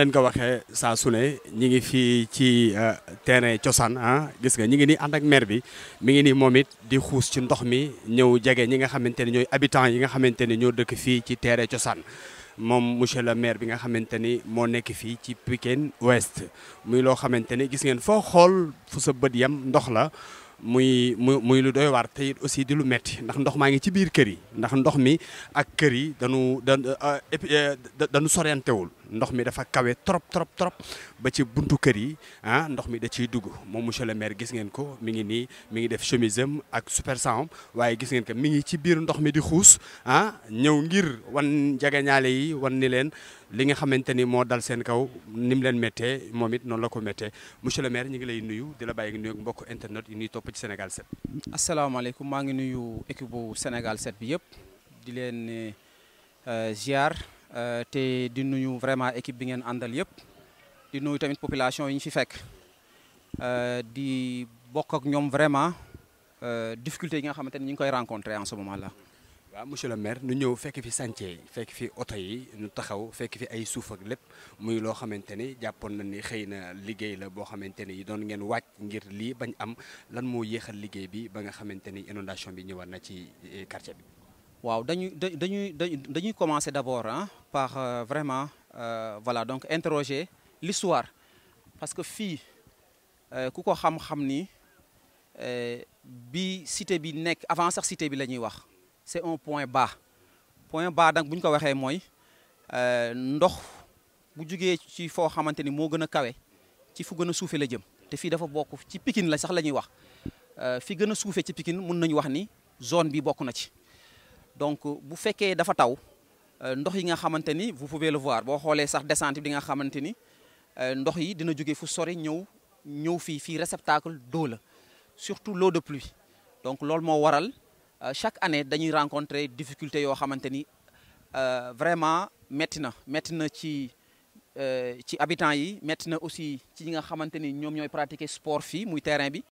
leen ko waxee saa su ne ñi ngi fii ci euh, terrain cosaan ah gis nga ñi ngi ni ànd ak maire bi mi ngi nii moom it di xuus ci ndox mi ñëw jege ñi nga xamante ni ñooy habitants yi nga xamante ni ñoo dëkk fii ci tere cosaan moom monsieur le maire bi nga xamante ni moo nekk fii ci Pikine Ouest muy loo xamante ni gis ngeen foo xool fu sa bët yam ndox la muy muy muy lu doy waar te aussi di lu metti ndax ndox maa ngi ci biir kër yi ndax ndox mi ak kër yi dañu euh, euh, da dañu sorentewul ndox mi dafa kawe trop trop trop ba ci buntu kër yi ah ndox mi da ciy dugg moom monsieur le maire gis ngeen ko mi ngi nii mi ngi def chemise ak super sang waaye gis ngeen ko mi ngi ci biir ndox mi di xuus ah ñëw ngir wan jagañaale yi wan ni leen li nga xamante ni moo dal seen kaw ni mu leen méttee moom it noonu la ko méttee monsieur le maire ñu ngi lay nuyu di la bàyyi nuyu mbokk internet yi nuy topp ci Sénégal 7. asalaamaaleykum maa ngi nuyu équipe bu Sénégal 7 yëpp di leen eh, ziar. Euh, te di nuyu vraiment équipe bi ngeen àndal yëpp di nuyu tamit population yi ñu fi fekk euh, di bokk ak ñoom vraiment euh, difficulté yi nga xamante ni ñu ngi koy rencontrer en ce moment là. waaw le maire nu ñëw fekk fi chantier yi fekk fi oto yi ñu taxaw fekk fi ay suuf ak lépp muy loo xamante ni jàppoon na ni xëy na liggéey la boo xamante ni doon ngeen wàcc ngir lii bañ am lan moo yéexal liggéey bi ba nga xamante ni inondation bi ñëwaat na ci quartier bi. waaw da dañuy dañuy par euh, vraiment euh, voilà donc interroger l'histoire parce que fii euh, ku ko xam-xam ni euh, bi cité bi nekk avant sax cité bi la ñuy wax c'est un point bas point bas donc bu ko waxee mooy ndox bu jugee ci foo xamante ni moo gën a kawe ci fu gën a suufe la jëm te fii dafa bokk ci Pikine la sax la ñuy wax fi gën a suufee ci Pikine mën nañu wax ni zone bi bokk na ci donc bu fekkee dafa taw Euh, ndox yi nga xamante ni vous pouvez le voir boo xoolee sax descente bi di nga xamante ni euh, ndox yi dina jóge fu sori ñëw ñëw fii fii réceptacle d'eau la surtout l'eau de pluie donc loolu moo waral euh, chaque année dañuy rencontrer difficulté yoo xamante ni vraiment métti na métti na ci ci habitants yi métti na aussi ci ñi nga xamante ni ñoom ñooy pratiquer sport fii muy terrain bi